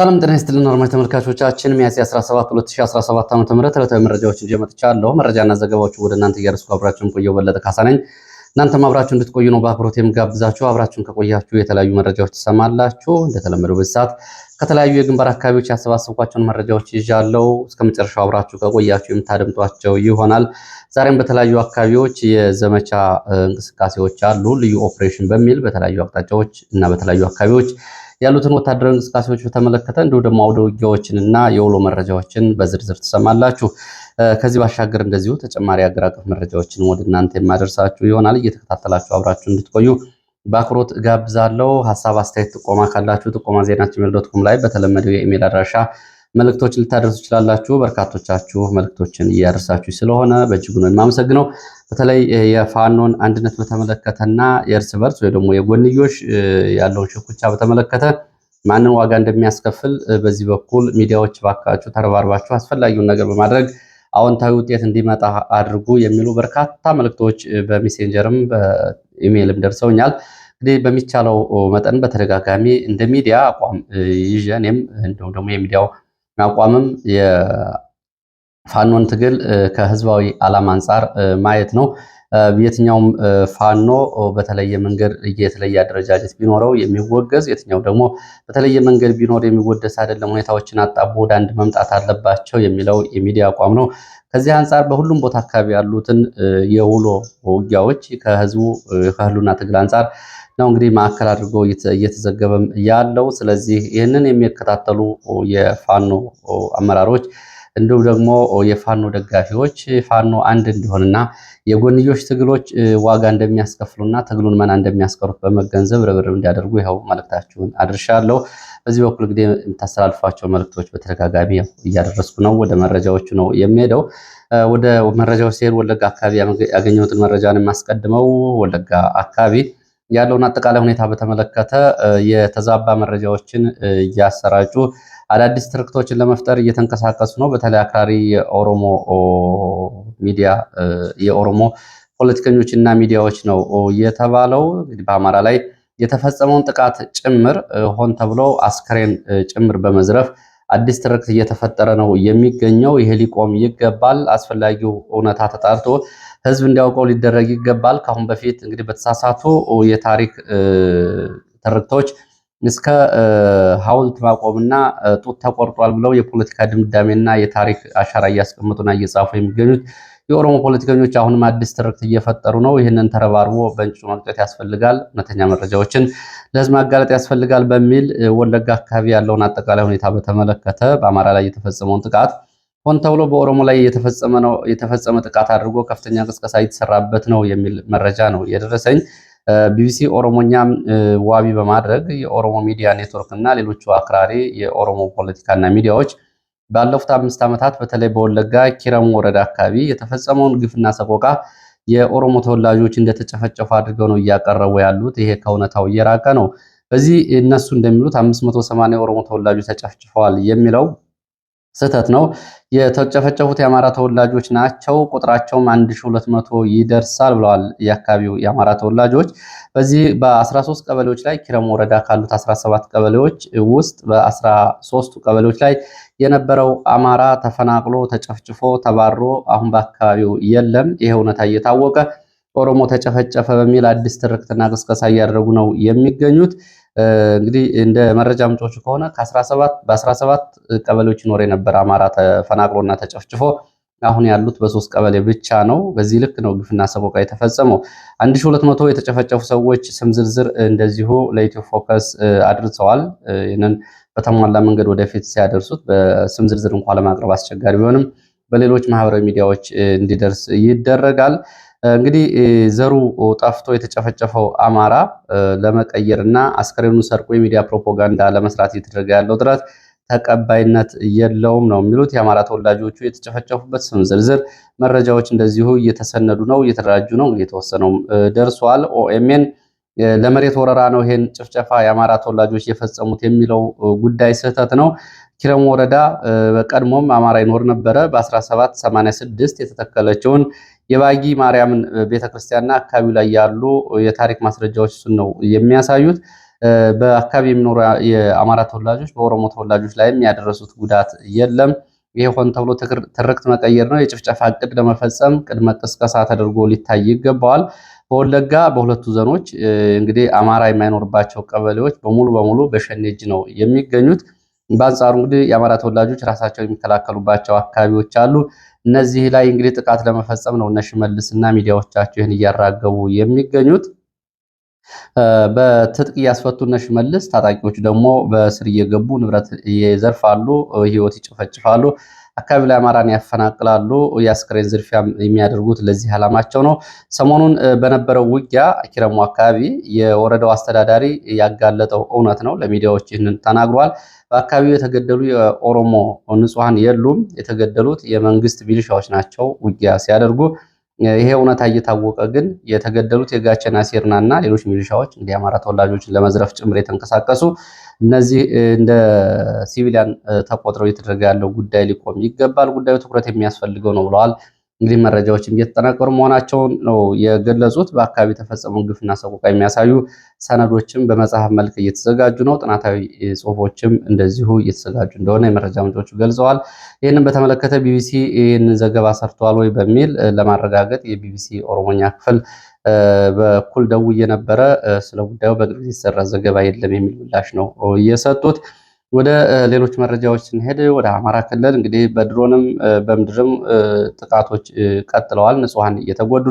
ሰላም ጤና ይስጥልን አድማጭ ተመልካቾቻችን፣ ሚያዝያ 17 2017 ዓ.ም ዕለታዊ መረጃዎችን ይዤ መጥቻለሁ። መረጃና ዘገባዎቹ ወደ እናንተ እያደረስኩ አብራችሁን ቆየው። በለጠ ካሳ ነኝ። እናንተም አብራችሁ እንድትቆዩ ነው በአክብሮት የምጋብዛችሁ። አብራችሁን ከቆያችሁ የተለያዩ መረጃዎች ትሰማላችሁ። እንደተለመደው በዚህ ሰዓት ከተለያዩ የግንባር አካባቢዎች ያሰባሰብኳቸውን መረጃዎች ይዣለሁ። እስከ መጨረሻው አብራችሁ ከቆያችሁ የምታደምጧቸው ይሆናል። ዛሬም በተለያዩ አካባቢዎች የዘመቻ እንቅስቃሴዎች አሉ። ልዩ ኦፕሬሽን በሚል በተለያዩ አቅጣጫዎች እና በተለያዩ አካባቢዎች ያሉትን ወታደራዊ እንቅስቃሴዎች በተመለከተ እንዲሁ ደግሞ አውደ ውጊያዎችን እና የውሎ መረጃዎችን በዝርዝር ትሰማላችሁ። ከዚህ ባሻገር እንደዚሁ ተጨማሪ አገር አቀፍ መረጃዎችን ወደ እናንተ የማደርሳችሁ ይሆናል። እየተከታተላችሁ አብራችሁ እንድትቆዩ በአክብሮት ጋብዛለሁ። ሀሳብ አስተያየት፣ ጥቆማ ካላችሁ ጥቆማ ዜናችን ሜል ዶት ኮም ላይ በተለመደው የኢሜል አድራሻ መልእክቶች ልታደርሱ ይችላላችሁ። በርካቶቻችሁ መልእክቶችን እያደርሳችሁ ስለሆነ በእጅጉ ነው የማመሰግነው። በተለይ የፋኖን አንድነት በተመለከተና የእርስ በርስ ወይ ደግሞ የጎንዮሽ ያለውን ሽኩቻ በተመለከተ ማንን ዋጋ እንደሚያስከፍል በዚህ በኩል ሚዲያዎች ባካችሁ ተረባርባችሁ አስፈላጊውን ነገር በማድረግ አዎንታዊ ውጤት እንዲመጣ አድርጉ የሚሉ በርካታ መልእክቶች በሜሴንጀርም በኢሜይልም ደርሰውኛል። እንግዲህ በሚቻለው መጠን በተደጋጋሚ እንደ ሚዲያ አቋም ይዤ እኔም እንዲሁም ደግሞ የሚዲያው አቋምም የፋኖን ትግል ከህዝባዊ ዓላማ አንጻር ማየት ነው። የትኛውም ፋኖ በተለየ መንገድ የተለየ አደረጃጀት ቢኖረው የሚወገዝ የትኛው ደግሞ በተለየ መንገድ ቢኖር የሚወደስ አይደለም። ሁኔታዎችን አጣቦ ወደ አንድ መምጣት አለባቸው የሚለው የሚዲያ አቋም ነው። ከዚህ አንጻር በሁሉም ቦታ አካባቢ ያሉትን የውሎ ውጊያዎች ከህዝቡ ከህሉና ትግል አንጻር ነው እንግዲህ ማዕከል አድርጎ እየተዘገበም ያለው። ስለዚህ ይህንን የሚከታተሉ የፋኖ አመራሮች እንዲሁም ደግሞ የፋኖ ደጋፊዎች ፋኖ አንድ እንዲሆንና የጎንዮሽ ትግሎች ዋጋ እንደሚያስከፍሉና ትግሉን መና እንደሚያስቀሩት በመገንዘብ ርብርብ እንዲያደርጉ ይኸው መልእክታችሁን አድርሻለሁ። በዚህ በኩል እንግዲህ የምታስተላልፏቸው መልእክቶች በተደጋጋሚ እያደረስኩ ነው። ወደ መረጃዎቹ ነው የሚሄደው። ወደ መረጃዎች ሲሄድ ወለጋ አካባቢ ያገኘሁትን መረጃን የማስቀድመው ወለጋ አካባቢ ያለውን አጠቃላይ ሁኔታ በተመለከተ የተዛባ መረጃዎችን እያሰራጩ አዳዲስ ትርክቶችን ለመፍጠር እየተንቀሳቀሱ ነው። በተለይ አክራሪ የኦሮሞ ሚዲያ የኦሮሞ ፖለቲከኞች እና ሚዲያዎች ነው የተባለው። እንግዲህ በአማራ ላይ የተፈጸመውን ጥቃት ጭምር ሆን ተብሎ አስከሬን ጭምር በመዝረፍ አዲስ ትርክት እየተፈጠረ ነው የሚገኘው። ይሄ ሊቆም ይገባል። አስፈላጊው እውነታ ተጣርቶ ህዝብ እንዲያውቀው ሊደረግ ይገባል። ከአሁን በፊት እንግዲህ በተሳሳቱ የታሪክ ትርክቶች እስከ ሐውልት ማቆምና ጡት ተቆርጧል ብለው የፖለቲካ ድምዳሜና የታሪክ አሻራ እያስቀመጡና እየጻፉ የሚገኙት የኦሮሞ ፖለቲከኞች አሁንም አዲስ ትርክት እየፈጠሩ ነው። ይህንን ተረባርቦ በእንጭጩ መቅጨት ያስፈልጋል፣ እውነተኛ መረጃዎችን ለህዝብ ማጋለጥ ያስፈልጋል በሚል ወለጋ አካባቢ ያለውን አጠቃላይ ሁኔታ በተመለከተ በአማራ ላይ የተፈጸመውን ጥቃት ሆን ተብሎ በኦሮሞ ላይ የተፈጸመ ጥቃት አድርጎ ከፍተኛ ቅስቀሳ የተሰራበት ነው የሚል መረጃ ነው የደረሰኝ። ቢቢሲ ኦሮሞኛም ዋቢ በማድረግ የኦሮሞ ሚዲያ ኔትወርክ እና ሌሎቹ አክራሪ የኦሮሞ ፖለቲካና ሚዲያዎች ባለፉት አምስት ዓመታት በተለይ በወለጋ ኪረሙ ወረዳ አካባቢ የተፈጸመውን ግፍና ሰቆቃ የኦሮሞ ተወላጆች እንደተጨፈጨፉ አድርገው ነው እያቀረቡ ያሉት። ይሄ ከእውነታው እየራቀ ነው። በዚህ እነሱ እንደሚሉት 580 የኦሮሞ ተወላጆች ተጨፍጭፈዋል የሚለው ስህተት ነው። የተጨፈጨፉት የአማራ ተወላጆች ናቸው፣ ቁጥራቸውም 1200 ይደርሳል ብለዋል የአካባቢው የአማራ ተወላጆች። በዚህ በ13 ቀበሌዎች ላይ ኪረም ወረዳ ካሉት 17 ቀበሌዎች ውስጥ በ13ቱ ቀበሌዎች ላይ የነበረው አማራ ተፈናቅሎ ተጨፍጭፎ ተባሮ አሁን በአካባቢው የለም። ይሄ እውነታ እየታወቀ ኦሮሞ ተጨፈጨፈ በሚል አዲስ ትርክትና ቅስቀሳ እያደረጉ ነው የሚገኙት። እንግዲህ እንደ መረጃ ምንጮቹ ከሆነ በ17 ቀበሌዎች ይኖር የነበረ አማራ ተፈናቅሎና ተጨፍጭፎ አሁን ያሉት በሶስት ቀበሌ ብቻ ነው። በዚህ ልክ ነው ግፍና ሰቆቃ የተፈጸመው። 1200 የተጨፈጨፉ ሰዎች ስም ዝርዝር እንደዚሁ ለኢትዮ ፎከስ አድርሰዋል። ይህንን በተሟላ መንገድ ወደፊት ሲያደርሱት በስም ዝርዝር እንኳ ለማቅረብ አስቸጋሪ ቢሆንም በሌሎች ማህበራዊ ሚዲያዎች እንዲደርስ ይደረጋል። እንግዲህ ዘሩ ጠፍቶ የተጨፈጨፈው አማራ ለመቀየር እና አስከሬኑ ሰርቆ የሚዲያ ፕሮፓጋንዳ ለመስራት እየተደረገ ያለው ጥረት ተቀባይነት የለውም ነው የሚሉት። የአማራ ተወላጆቹ የተጨፈጨፉበት ስም ዝርዝር መረጃዎች እንደዚሁ እየተሰነዱ ነው፣ እየተደራጁ ነው። የተወሰነውም ደርሷል። ኦኤምኤን ለመሬት ወረራ ነው ይሄን ጭፍጨፋ የአማራ ተወላጆች የፈጸሙት የሚለው ጉዳይ ስህተት ነው። ኪረም ወረዳ በቀድሞም አማራ ይኖር ነበረ። በ1786 የተተከለችውን የባጊ ማርያምን ቤተክርስቲያንና አካባቢው ላይ ያሉ የታሪክ ማስረጃዎች እሱን ነው የሚያሳዩት። በአካባቢ የሚኖሩ የአማራ ተወላጆች በኦሮሞ ተወላጆች ላይም ያደረሱት ጉዳት የለም። ይሄ ሆን ተብሎ ትርክት መቀየር ነው። የጭፍጨፋ እቅድ ለመፈጸም ቅድመ ቅስቀሳ ተደርጎ ሊታይ ይገባዋል። በወለጋ በሁለቱ ዘኖች እንግዲህ አማራ የማይኖርባቸው ቀበሌዎች በሙሉ በሙሉ በሸኔ እጅ ነው የሚገኙት። በአንጻሩ እንግዲህ የአማራ ተወላጆች ራሳቸውን የሚከላከሉባቸው አካባቢዎች አሉ። እነዚህ ላይ እንግዲህ ጥቃት ለመፈጸም ነው እነ ሽመልስ እና ሚዲያዎቻቸው ይህን እያራገቡ የሚገኙት። በትጥቅ እያስፈቱ እነ ሽመልስ፣ ታጣቂዎች ደግሞ በስር እየገቡ ንብረት ይዘርፋሉ፣ ህይወት ይጨፈጭፋሉ፣ አካባቢ ላይ አማራን ያፈናቅላሉ። የአስክሬን ዝርፊያ የሚያደርጉት ለዚህ ዓላማቸው ነው። ሰሞኑን በነበረው ውጊያ ኪረሙ አካባቢ የወረዳው አስተዳዳሪ ያጋለጠው እውነት ነው። ለሚዲያዎች ይህንን ተናግሯል። በአካባቢው የተገደሉ የኦሮሞ ንጹሐን የሉም። የተገደሉት የመንግስት ሚሊሻዎች ናቸው ውጊያ ሲያደርጉ። ይሄ እውነታ እየታወቀ ግን የተገደሉት የጋቸና ሴርና እና ሌሎች ሚሊሻዎች እንደ አማራ ተወላጆችን ለመዝረፍ ጭምር የተንቀሳቀሱ እነዚህ እንደ ሲቪሊያን ተቆጥረው እየተደረገ ያለው ጉዳይ ሊቆም ይገባል። ጉዳዩ ትኩረት የሚያስፈልገው ነው ብለዋል። እንግዲህ መረጃዎችም እየተጠናቀሩ መሆናቸውን ነው የገለጹት። በአካባቢ የተፈጸሙ ግፍና ሰቆቃ የሚያሳዩ ሰነዶችም በመጽሐፍ መልክ እየተዘጋጁ ነው። ጥናታዊ ጽሁፎችም እንደዚሁ እየተዘጋጁ እንደሆነ የመረጃ ምንጮቹ ገልጸዋል። ይህንን በተመለከተ ቢቢሲ ይህን ዘገባ ሰርተዋል ወይ በሚል ለማረጋገጥ የቢቢሲ ኦሮሞኛ ክፍል በኩል ደውዬ ነበረ። ስለ ጉዳዩ በቅርብ የተሰራ ዘገባ የለም የሚል ምላሽ ነው እየሰጡት ወደ ሌሎች መረጃዎች ስንሄድ ወደ አማራ ክልል እንግዲህ በድሮንም በምድርም ጥቃቶች ቀጥለዋል። ንጹሐን እየተጎዱ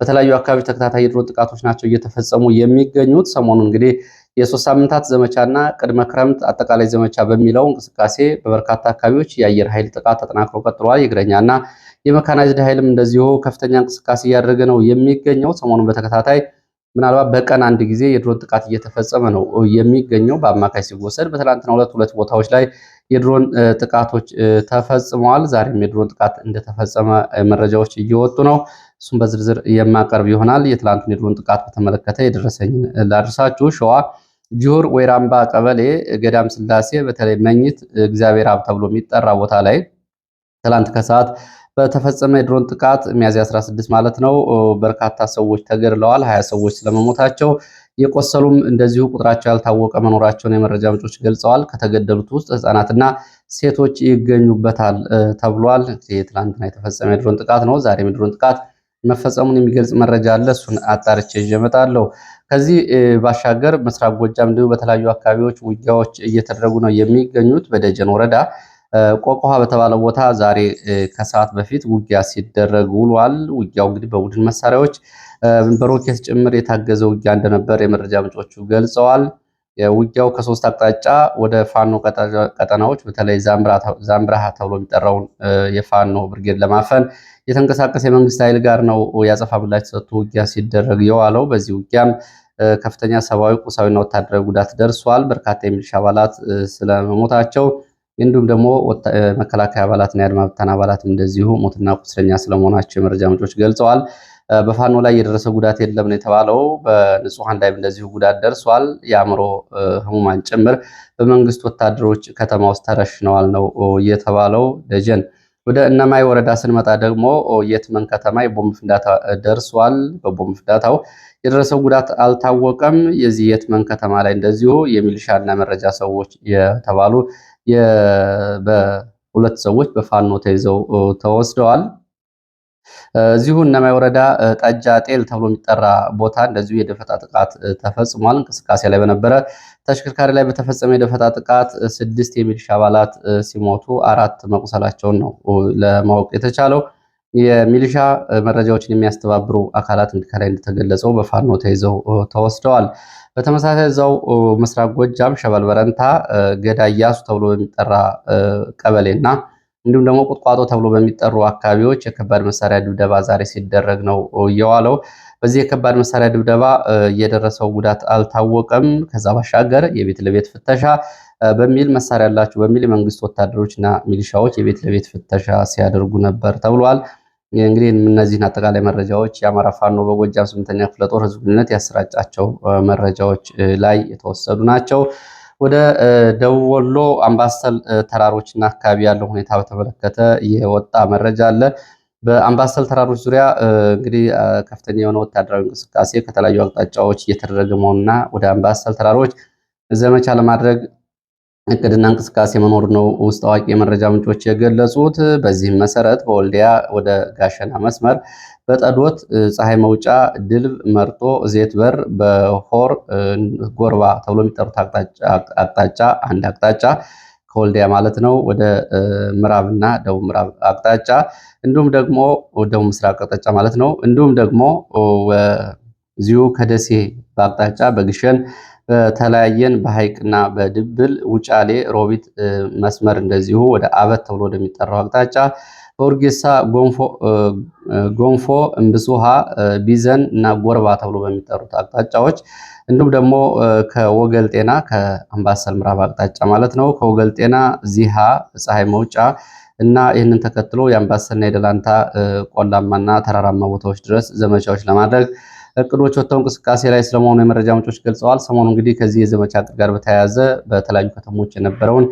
በተለያዩ አካባቢ ተከታታይ የድሮን ጥቃቶች ናቸው እየተፈጸሙ የሚገኙት። ሰሞኑን እንግዲህ የሶስት ሳምንታት ዘመቻና ቅድመ ክረምት አጠቃላይ ዘመቻ በሚለው እንቅስቃሴ በበርካታ አካባቢዎች የአየር ኃይል ጥቃት ተጠናክሮ ቀጥሏል። የእግረኛና የመካናይዝድ ኃይልም እንደዚሁ ከፍተኛ እንቅስቃሴ እያደረገ ነው የሚገኘው። ሰሞኑን በተከታታይ ምናልባት በቀን አንድ ጊዜ የድሮን ጥቃት እየተፈጸመ ነው የሚገኘው በአማካይ ሲወሰድ። በትላንትና ሁለት ሁለት ቦታዎች ላይ የድሮን ጥቃቶች ተፈጽመዋል። ዛሬም የድሮን ጥቃት እንደተፈጸመ መረጃዎች እየወጡ ነው። እሱም በዝርዝር የማቀርብ ይሆናል። የትላንቱን የድሮን ጥቃት በተመለከተ የደረሰኝ ላድርሳችሁ። ሸዋ ጅሁር ወይራምባ ቀበሌ ገዳም ስላሴ በተለይ መኝት እግዚአብሔር አብ ተብሎ የሚጠራ ቦታ ላይ ትላንት ከሰዓት በተፈጸመ የድሮን ጥቃት ሚያዝያ 16 ማለት ነው በርካታ ሰዎች ተገድለዋል። ሀያ ሰዎች ስለመሞታቸው የቆሰሉም እንደዚሁ ቁጥራቸው ያልታወቀ መኖራቸውን የመረጃ ምንጮች ገልጸዋል። ከተገደሉት ውስጥ ህጻናትና ሴቶች ይገኙበታል ተብሏል። ትላንትና የተፈጸመ የድሮን ጥቃት ነው። ዛሬም የድሮን ጥቃት መፈጸሙን የሚገልጽ መረጃ አለ። እሱን አጣርቼ ይዤ እመጣለሁ። ከዚህ ባሻገር ምስራቅ ጎጃም እንዲሁ በተለያዩ አካባቢዎች ውጊያዎች እየተደረጉ ነው የሚገኙት በደጀን ወረዳ ቆቆሃ በተባለ ቦታ ዛሬ ከሰዓት በፊት ውጊያ ሲደረግ ውሏል። ውጊያው እንግዲህ በቡድን መሳሪያዎች በሮኬት ጭምር የታገዘ ውጊያ እንደነበር የመረጃ ምንጮቹ ገልጸዋል። ውጊያው ከሶስት አቅጣጫ ወደ ፋኖ ቀጠናዎች በተለይ ዛምብራሃ ተብሎ የሚጠራውን የፋኖ ብርጌድ ለማፈን የተንቀሳቀሰ የመንግስት ኃይል ጋር ነው የአጸፋ ምላሽ ተሰጥቶ ውጊያ ሲደረግ የዋለው። በዚህ ውጊያም ከፍተኛ ሰብአዊ፣ ቁሳዊና ወታደራዊ ጉዳት ደርሷል። በርካታ የሚሊሻ አባላት ስለመሞታቸው እንዲሁም ደግሞ መከላከያ አባላትና የአድማ ብተና አባላትም እንደዚሁ ሞትና ቁስለኛ ስለመሆናቸው የመረጃ ምንጮች ገልጸዋል። በፋኖ ላይ የደረሰ ጉዳት የለም ነው የተባለው። በንጹሐን ላይም እንደዚሁ ጉዳት ደርሷል። የአእምሮ ህሙማን ጭምር በመንግስት ወታደሮች ከተማ ውስጥ ተረሽነዋል ነው የተባለው። ደጀን ወደ እነማይ ወረዳ ስንመጣ ደግሞ የትመን ከተማ የቦምብ ፍንዳታ ደርሷል። በቦምብ ፍንዳታው የደረሰው ጉዳት አልታወቀም። የዚህ የትመን ከተማ ላይ እንደዚሁ የሚሊሻና መረጃ ሰዎች የተባሉ ሁለት ሰዎች በፋኖ ተይዘው ተወስደዋል። እዚሁ እነማይ ወረዳ ጠጃ ጤል ተብሎ የሚጠራ ቦታ እንደዚሁ የደፈጣ ጥቃት ተፈጽሟል። እንቅስቃሴ ላይ በነበረ ተሽከርካሪ ላይ በተፈጸመ የደፈጣ ጥቃት ስድስት የሚሊሻ አባላት ሲሞቱ አራት መቁሰላቸውን ነው ለማወቅ የተቻለው። የሚሊሻ መረጃዎችን የሚያስተባብሩ አካላት እንዲከላይ እንደተገለጸው በፋኖ ተይዘው ተወስደዋል። በተመሳሳይ እዛው ምስራቅ ጎጃም ሸበል በረንታ ገዳ እያሱ ተብሎ በሚጠራ ቀበሌና እንዲሁም ደግሞ ቁጥቋጦ ተብሎ በሚጠሩ አካባቢዎች የከባድ መሳሪያ ድብደባ ዛሬ ሲደረግ ነው የዋለው። በዚህ የከባድ መሳሪያ ድብደባ የደረሰው ጉዳት አልታወቀም። ከዛ ባሻገር የቤት ለቤት ፍተሻ በሚል መሳሪያ ያላቸው በሚል የመንግስት ወታደሮችና ሚሊሻዎች የቤት ለቤት ፍተሻ ሲያደርጉ ነበር ተብሏል። እንግዲህ እነዚህን አጠቃላይ መረጃዎች የአማራ ፋኖ በጎጃም ስምንተኛ ክፍለ ጦር ህዝብ ግንኙነት ያሰራጫቸው መረጃዎች ላይ የተወሰዱ ናቸው። ወደ ደቡብ ወሎ አምባሰል ተራሮችና አካባቢ ያለው ሁኔታ በተመለከተ የወጣ መረጃ አለ። በአምባሰል ተራሮች ዙሪያ እንግዲህ ከፍተኛ የሆነ ወታደራዊ እንቅስቃሴ ከተለያዩ አቅጣጫዎች እየተደረገ መሆኑና ወደ አምባሰል ተራሮች ዘመቻ ለማድረግ እቅድና እንቅስቃሴ መኖር ነው ውስጥ አዋቂ የመረጃ ምንጮች የገለጹት። በዚህም መሰረት በወልዲያ ወደ ጋሸና መስመር በጠዶት ፀሐይ መውጫ ድልብ መርጦ ዜት በር በሆር ጎርባ ተብሎ የሚጠሩት አቅጣጫ አንድ አቅጣጫ ከወልዲያ ማለት ነው ወደ ምዕራብና ደቡብ ምዕራብ አቅጣጫ እንዲሁም ደግሞ ደቡብ ምስራቅ አቅጣጫ ማለት ነው እንዲሁም ደግሞ እዚሁ ከደሴ በአቅጣጫ በግሸን በተለያየን በሐይቅና በድብል ውጫሌ ሮቢት መስመር እንደዚሁ ወደ አበት ተብሎ ወደሚጠራው አቅጣጫ በኦርጌሳ ጎንፎ እምብሱሃ ቢዘን እና ጎርባ ተብሎ በሚጠሩት አቅጣጫዎች እንዲሁም ደግሞ ከወገል ጤና ከአምባሰል ምዕራብ አቅጣጫ ማለት ነው ከወገል ጤና ዚሃ ፀሐይ መውጫ እና ይህንን ተከትሎ የአምባሰልና የደላንታ ቆላማና ተራራማ ቦታዎች ድረስ ዘመቻዎች ለማድረግ እቅዶች ወጥተው እንቅስቃሴ ላይ ስለመሆኑ የመረጃ ምንጮች ገልጸዋል። ሰሞኑ እንግዲህ ከዚህ የዘመቻ እቅድ ጋር በተያያዘ በተለያዩ ከተሞች የነበረውን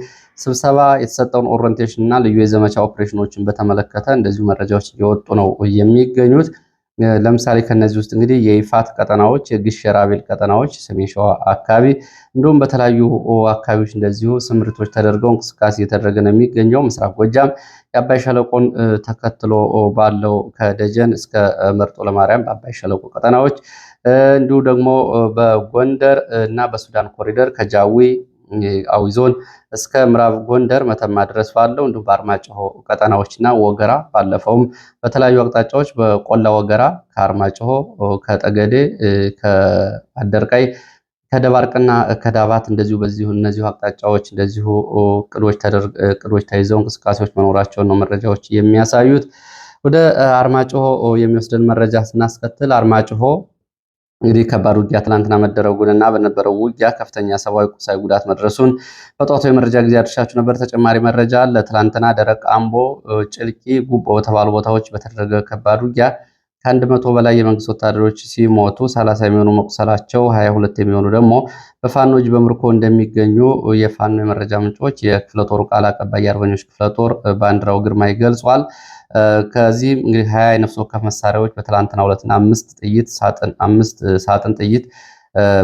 ስብሰባ፣ የተሰጠውን ኦሪንቴሽን እና ልዩ የዘመቻ ኦፕሬሽኖችን በተመለከተ እንደዚሁ መረጃዎች እየወጡ ነው የሚገኙት። ለምሳሌ ከነዚህ ውስጥ እንግዲህ የይፋት ቀጠናዎች፣ የግሽ የራቤል ቀጠናዎች፣ ሰሜን ሸዋ አካባቢ እንዲሁም በተለያዩ አካባቢዎች እንደዚሁ ስምሪቶች ተደርገው እንቅስቃሴ እየተደረገ ነው የሚገኘው። ምስራቅ ጎጃም የአባይ ሸለቆን ተከትሎ ባለው ከደጀን እስከ መርጦ ለማርያም በአባይ ሸለቆ ቀጠናዎች እንዲሁ ደግሞ በጎንደር እና በሱዳን ኮሪደር ከጃዊ አዊ ዞን እስከ ምዕራብ ጎንደር መተማ ድረስ ባለው እንዲሁም በአርማጭሆ ቀጠናዎችና ወገራ ባለፈውም በተለያዩ አቅጣጫዎች በቆላ ወገራ ከአርማጭሆ ከጠገዴ ከአደርቃይ ከደባርቅና ከዳባት እንደዚሁ በዚሁ እነዚሁ አቅጣጫዎች እንደዚሁ ቅዶች ተይዘው እንቅስቃሴዎች መኖራቸውን ነው መረጃዎች የሚያሳዩት። ወደ አርማጭሆ የሚወስደን መረጃ ስናስከትል አርማጭሆ እንግዲህ ከባድ ውጊያ መደረጉን እና በነበረው ውጊያ ከፍተኛ ሰብአዊ፣ ቁሳዊ ጉዳት መድረሱን በጠዋቱ የመረጃ ጊዜ አድርሻችሁ ነበር። ተጨማሪ መረጃ ለትላንትና ደረቅ አምቦ፣ ጭልቂ፣ ጉቦ በተባሉ ቦታዎች በተደረገ ከባድ ውጊያ ከአንድ መቶ በላይ የመንግስት ወታደሮች ሲሞቱ ሰላሳ የሚሆኑ መቁሰላቸው ሀያ ሁለት የሚሆኑ ደግሞ በፋኖጅ በምርኮ እንደሚገኙ የፋኖ የመረጃ ምንጮች የክፍለጦሩ ቃል አቀባይ የአርበኞች ክፍለጦር ጦር ባንዲራው ግርማይ ገልጿል። ከዚህም እንግዲህ ሀያ የነፍስ ወከፍ መሳሪያዎች በትላንትና ሁለትና አምስት ጥይት አምስት ሳጥን ጥይት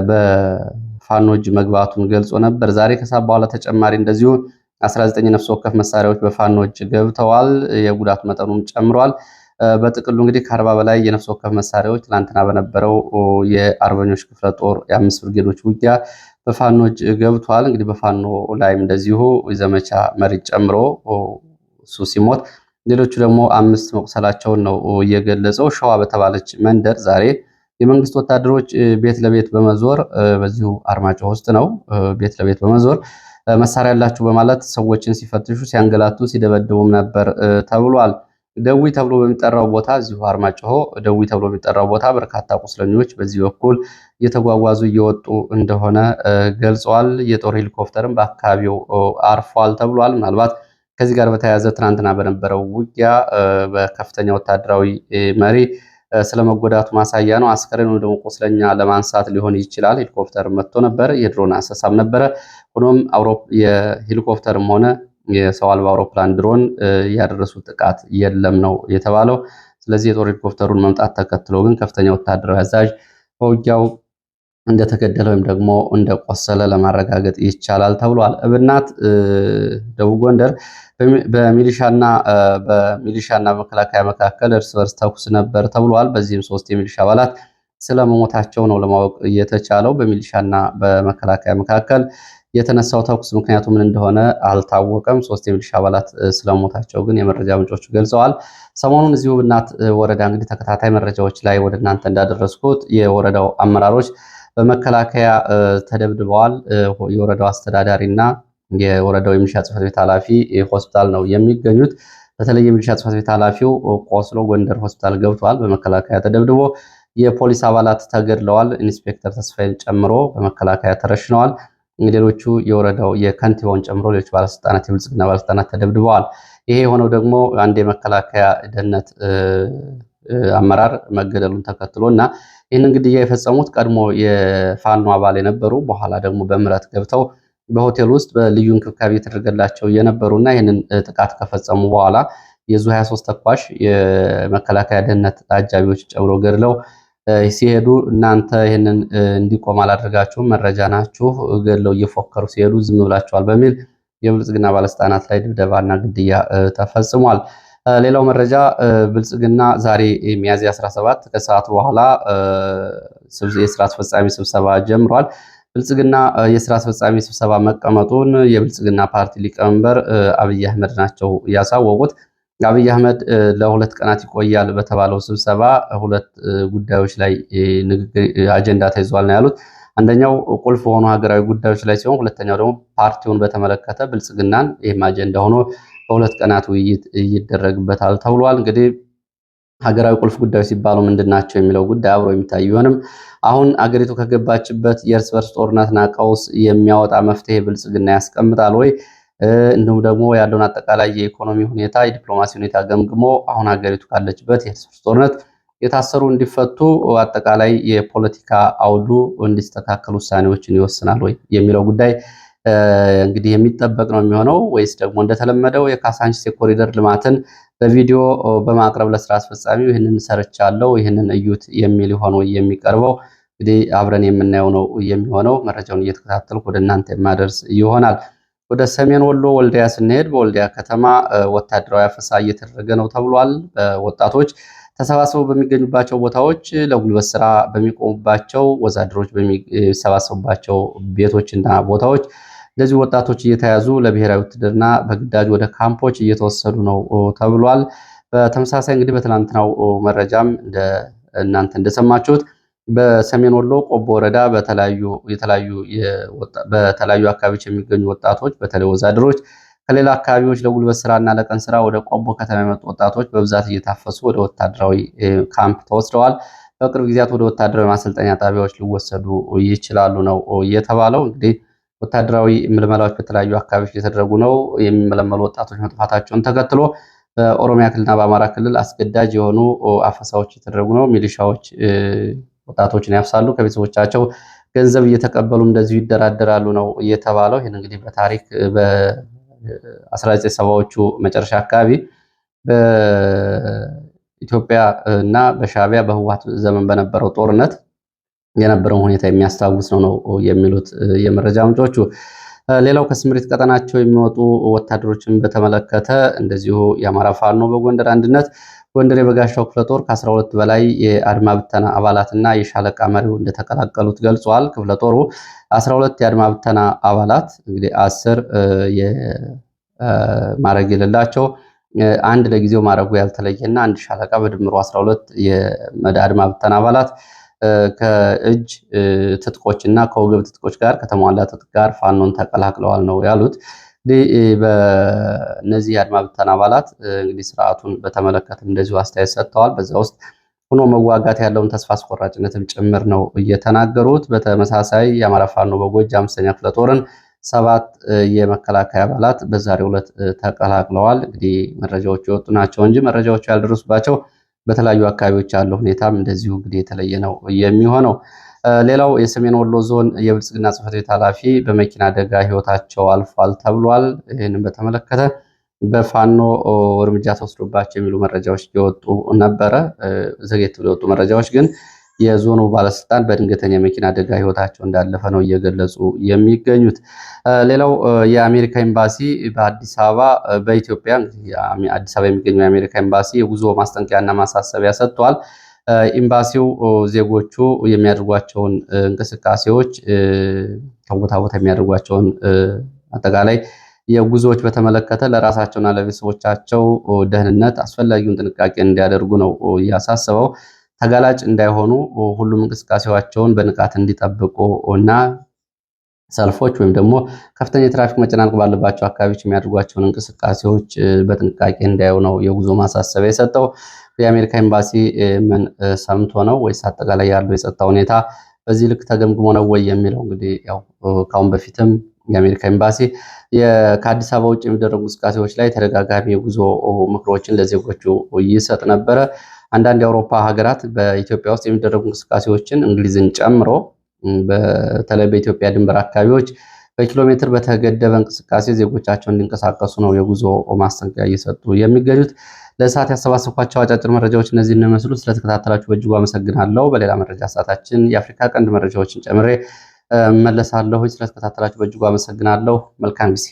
በፋኖጅ መግባቱን ገልጾ ነበር። ዛሬ ከሰዓት በኋላ ተጨማሪ እንደዚሁ 19 የነፍስ ወከፍ መሳሪያዎች በፋኖጅ ገብተዋል። የጉዳት መጠኑም ጨምሯል። በጥቅሉ እንግዲህ ከአርባ በላይ የነፍስ ወከፍ መሳሪያዎች ትናንትና በነበረው የአርበኞች ክፍለ ጦር የአምስት ብርጌዶች ውጊያ በፋኖች ገብቷል። እንግዲህ በፋኖ ላይም እንደዚሁ ዘመቻ መሪ ጨምሮ እሱ ሲሞት ሌሎቹ ደግሞ አምስት መቁሰላቸውን ነው እየገለጸው። ሸዋ በተባለች መንደር ዛሬ የመንግስት ወታደሮች ቤት ለቤት በመዞር በዚሁ አርማጭሆ ውስጥ ነው ቤት ለቤት በመዞር መሳሪያ ያላችሁ በማለት ሰዎችን ሲፈትሹ፣ ሲያንገላቱ፣ ሲደበድቡም ነበር ተብሏል። ደዊ ተብሎ በሚጠራው ቦታ እዚሁ አርማጭሆ ደዊ ተብሎ በሚጠራው ቦታ በርካታ ቁስለኞች በዚህ በኩል እየተጓጓዙ እየወጡ እንደሆነ ገልጸዋል። የጦር ሄሊኮፕተርም በአካባቢው አርፏል ተብሏል። ምናልባት ከዚህ ጋር በተያያዘ ትናንትና በነበረው ውጊያ በከፍተኛ ወታደራዊ መሪ ስለመጎዳቱ ማሳያ ነው። አስከሬን ደግሞ ቁስለኛ ለማንሳት ሊሆን ይችላል። ሄሊኮፕተር መጥቶ ነበር፣ የድሮን አሰሳም ነበረ። ሆኖም የሄሊኮፕተርም ሆነ የሰው አልባ አውሮፕላን ድሮን ያደረሱት ጥቃት የለም ነው የተባለው። ስለዚህ የጦር ሄሊኮፕተሩን መምጣት ተከትሎ ግን ከፍተኛ ወታደራዊ አዛዥ በውጊያው እንደተገደለ ወይም ደግሞ እንደቆሰለ ለማረጋገጥ ይቻላል ተብሏል። እብናት ደቡብ ጎንደር በሚሊሻና በሚሊሻና በመከላከያ መካከል እርስ በርስ ተኩስ ነበር ተብሏል። በዚህም ሶስት የሚሊሻ አባላት ስለመሞታቸው ነው ለማወቅ የተቻለው። በሚሊሻና በመከላከያ መካከል የተነሳው ተኩስ ምክንያቱ ምን እንደሆነ አልታወቀም። ሶስት የሚሊሻ አባላት ስለሞታቸው ግን የመረጃ ምንጮቹ ገልጸዋል። ሰሞኑን እዚሁ እናት ወረዳ እንግዲህ ተከታታይ መረጃዎች ላይ ወደ እናንተ እንዳደረስኩት የወረዳው አመራሮች በመከላከያ ተደብድበዋል። የወረዳው አስተዳዳሪ እና የወረዳው የሚሊሻ ጽሕፈት ቤት ኃላፊ ሆስፒታል ነው የሚገኙት። በተለይ የሚሊሻ ጽሕፈት ቤት ኃላፊው ቆስሎ ጎንደር ሆስፒታል ገብቷል። በመከላከያ ተደብድቦ የፖሊስ አባላት ተገድለዋል። ኢንስፔክተር ተስፋይን ጨምሮ በመከላከያ ተረሽነዋል። ሌሎቹ የወረዳው የከንቲባውን ጨምሮ ሌሎች ባለስልጣናት የብልጽግና ባለስልጣናት ተደብድበዋል። ይሄ የሆነው ደግሞ አንድ የመከላከያ ደህንነት አመራር መገደሉን ተከትሎ እና ይህንን ግድያ የፈጸሙት ቀድሞ የፋኖ አባል የነበሩ በኋላ ደግሞ በምረት ገብተው በሆቴል ውስጥ በልዩ እንክብካቤ የተደረገላቸው የነበሩ እና ይህንን ጥቃት ከፈጸሙ በኋላ የዙ 23 ተኳሽ የመከላከያ ደህንነት አጃቢዎች ጨምሮ ገድለው ሲሄዱ እናንተ ይህንን እንዲቆም አላደርጋችሁም፣ መረጃ ናችሁ፣ ገለው እየፎከሩ ሲሄዱ ዝም ብላችኋል በሚል የብልጽግና ባለስልጣናት ላይ ድብደባና ግድያ ተፈጽሟል። ሌላው መረጃ ብልጽግና ዛሬ ሚያዝያ 17 ከሰዓት በኋላ የስራ አስፈጻሚ ስብሰባ ጀምሯል። ብልጽግና የስራ አስፈጻሚ ስብሰባ መቀመጡን የብልጽግና ፓርቲ ሊቀመንበር አብይ አህመድ ናቸው ያሳወቁት። አብይ አህመድ ለሁለት ቀናት ይቆያል በተባለው ስብሰባ ሁለት ጉዳዮች ላይ አጀንዳ ተይዟል ነው ያሉት። አንደኛው ቁልፍ ሆኑ ሀገራዊ ጉዳዮች ላይ ሲሆን ሁለተኛው ደግሞ ፓርቲውን በተመለከተ ብልጽግናን፣ ይህም አጀንዳ ሆኖ በሁለት ቀናት ውይይት ይደረግበታል ተብሏል። እንግዲህ ሀገራዊ ቁልፍ ጉዳዮች ሲባሉ ምንድን ናቸው የሚለው ጉዳይ አብሮ የሚታይ ቢሆንም አሁን አገሪቱ ከገባችበት የእርስ በርስ ጦርነትና ቀውስ የሚያወጣ መፍትሄ ብልጽግና ያስቀምጣል ወይ እንዲሁም ደግሞ ያለውን አጠቃላይ የኢኮኖሚ ሁኔታ፣ የዲፕሎማሲ ሁኔታ ገምግሞ አሁን ሀገሪቱ ካለችበት የእርስ በርስ ጦርነት የታሰሩ እንዲፈቱ፣ አጠቃላይ የፖለቲካ አውዱ እንዲስተካከል ውሳኔዎችን ይወስናል ወይ የሚለው ጉዳይ እንግዲህ የሚጠበቅ ነው የሚሆነው። ወይስ ደግሞ እንደተለመደው የካሳንቺስ የኮሪደር ልማትን በቪዲዮ በማቅረብ ለስራ አስፈጻሚው ይህንን ሰርቻለሁ፣ ይህንን እዩት የሚል ሆኖ የሚቀርበው እንግዲህ አብረን የምናየው ነው የሚሆነው። መረጃውን እየተከታተልኩ ወደ እናንተ የማደርስ ይሆናል። ወደ ሰሜን ወሎ ወልዲያ ስንሄድ በወልዲያ ከተማ ወታደራዊ አፈሳ እየተደረገ ነው ተብሏል። ወጣቶች ተሰባስበው በሚገኙባቸው ቦታዎች፣ ለጉልበት ስራ በሚቆሙባቸው፣ ወዛደሮች በሚሰባሰቡባቸው ቤቶችና ቦታዎች እንደዚሁ ወጣቶች እየተያዙ ለብሔራዊ ውትድርና በግዳጅ ወደ ካምፖች እየተወሰዱ ነው ተብሏል። በተመሳሳይ እንግዲህ በትናንትናው መረጃም እናንተ እንደሰማችሁት በሰሜን ወሎ ቆቦ ወረዳ በተለያዩ አካባቢዎች የሚገኙ ወጣቶች በተለይ ወዛደሮች ከሌላ አካባቢዎች ለጉልበት ስራና ለቀን ስራ ወደ ቆቦ ከተማ የመጡ ወጣቶች በብዛት እየታፈሱ ወደ ወታደራዊ ካምፕ ተወስደዋል። በቅርብ ጊዜያት ወደ ወታደራዊ ማሰልጠኛ ጣቢያዎች ሊወሰዱ ይችላሉ ነው እየተባለው። እንግዲህ ወታደራዊ ምልመላዎች በተለያዩ አካባቢዎች እየተደረጉ ነው። የሚመለመሉ ወጣቶች መጥፋታቸውን ተከትሎ በኦሮሚያ ክልልና በአማራ ክልል አስገዳጅ የሆኑ አፈሳዎች እየተደረጉ ነው። ሚሊሻዎች ወጣቶችን ያፍሳሉ፣ ከቤተሰቦቻቸው ገንዘብ እየተቀበሉ እንደዚሁ ይደራደራሉ ነው እየተባለው። ይህን እንግዲህ በታሪክ በ1970ዎቹ መጨረሻ አካባቢ በኢትዮጵያ እና በሻቢያ በህወሓት ዘመን በነበረው ጦርነት የነበረውን ሁኔታ የሚያስታውስ ነው ነው የሚሉት የመረጃ ምንጮቹ። ሌላው ከስምሪት ቀጠናቸው የሚወጡ ወታደሮችን በተመለከተ እንደዚሁ የአማራ ፋኖ በጎንደር አንድነት ጎንደር የበጋሻው ክፍለ ጦር ከ12 በላይ የአድማ ብተና አባላትና የሻለቃ መሪው እንደተቀላቀሉት ገልጿል። ክፍለ ጦሩ 12 የአድማ ብተና አባላት እንግዲህ 10 የማዕረግ የሌላቸው አንድ ለጊዜው ማድረጉ ያልተለየና አንድ ሻለቃ በድምሩ 12 የአድማ ብተና አባላት ከእጅ ትጥቆች እና ከወገብ ትጥቆች ጋር ከተሟላ ትጥቅ ጋር ፋኖን ተቀላቅለዋል ነው ያሉት። እንግዲህ በእነዚህ የአድማ ብተና አባላት እንግዲህ ስርዓቱን በተመለከተ እንደዚሁ አስተያየት ሰጥተዋል። በዛ ውስጥ ሆኖ መዋጋት ያለውን ተስፋ አስቆራጭነትም ጭምር ነው እየተናገሩት። በተመሳሳይ የአማራ ፋኖ በጎጃም አምስተኛ ክፍለ ጦርን ሰባት የመከላከያ አባላት በዛሬው ዕለት ተቀላቅለዋል። እንግዲህ መረጃዎቹ የወጡ ናቸው እንጂ መረጃዎቹ ያልደረሱባቸው በተለያዩ አካባቢዎች ያለው ሁኔታም እንደዚሁ እንግዲህ የተለየ ነው የሚሆነው። ሌላው የሰሜን ወሎ ዞን የብልጽግና ጽሕፈት ቤት ኃላፊ በመኪና አደጋ ህይወታቸው አልፏል ተብሏል። ይህንም በተመለከተ በፋኖ እርምጃ ተወስዶባቸው የሚሉ መረጃዎች እየወጡ ነበረ። ዘግየት ብሎ የወጡ መረጃዎች ግን የዞኑ ባለስልጣን በድንገተኛ የመኪና አደጋ ህይወታቸው እንዳለፈ ነው እየገለጹ የሚገኙት። ሌላው የአሜሪካ ኤምባሲ በአዲስ አበባ በኢትዮጵያ አዲስ አበባ የሚገኘው የአሜሪካ ኤምባሲ የጉዞ ማስጠንቀቂያና ማሳሰቢያ ሰጥቷል። ኤምባሲው ዜጎቹ የሚያደርጓቸውን እንቅስቃሴዎች ከቦታ ቦታ የሚያደርጓቸውን አጠቃላይ የጉዞዎች በተመለከተ ለራሳቸውና ለቤተሰቦቻቸው ደህንነት አስፈላጊውን ጥንቃቄ እንዲያደርጉ ነው ያሳስበው። ተጋላጭ እንዳይሆኑ ሁሉም እንቅስቃሴዋቸውን በንቃት እንዲጠብቁ እና ሰልፎች ወይም ደግሞ ከፍተኛ የትራፊክ መጨናነቅ ባለባቸው አካባቢዎች የሚያደርጓቸውን እንቅስቃሴዎች በጥንቃቄ እንዳዩ ነው የጉዞ ማሳሰቢያ የሰጠው። የአሜሪካ ኤምባሲ ምን ሰምቶ ነው ወይስ አጠቃላይ ያለው የጸጥታ ሁኔታ በዚህ ልክ ተገምግሞ ነው ወይ የሚለው እንግዲህ ያው ከአሁን በፊትም የአሜሪካ ኤምባሲ ከአዲስ አበባ ውጭ የሚደረጉ እንቅስቃሴዎች ላይ ተደጋጋሚ የጉዞ ምክሮችን ለዜጎቹ ይሰጥ ነበረ። አንዳንድ የአውሮፓ ሀገራት በኢትዮጵያ ውስጥ የሚደረጉ እንቅስቃሴዎችን እንግሊዝን ጨምሮ በተለይ በኢትዮጵያ ድንበር አካባቢዎች በኪሎ ሜትር በተገደበ እንቅስቃሴ ዜጎቻቸው እንዲንቀሳቀሱ ነው የጉዞ ማስጠንቀቂያ እየሰጡ የሚገኙት። ለሰዓት ያሰባሰብኳቸው አጫጭር መረጃዎች እነዚህ እንመስሉ። ስለተከታተላችሁ በእጅጉ አመሰግናለሁ። በሌላ መረጃ ሰዓታችን የአፍሪካ ቀንድ መረጃዎችን ጨምሬ መለሳለሁ። ስለተከታተላችሁ በእጅጉ አመሰግናለሁ። መልካም ጊዜ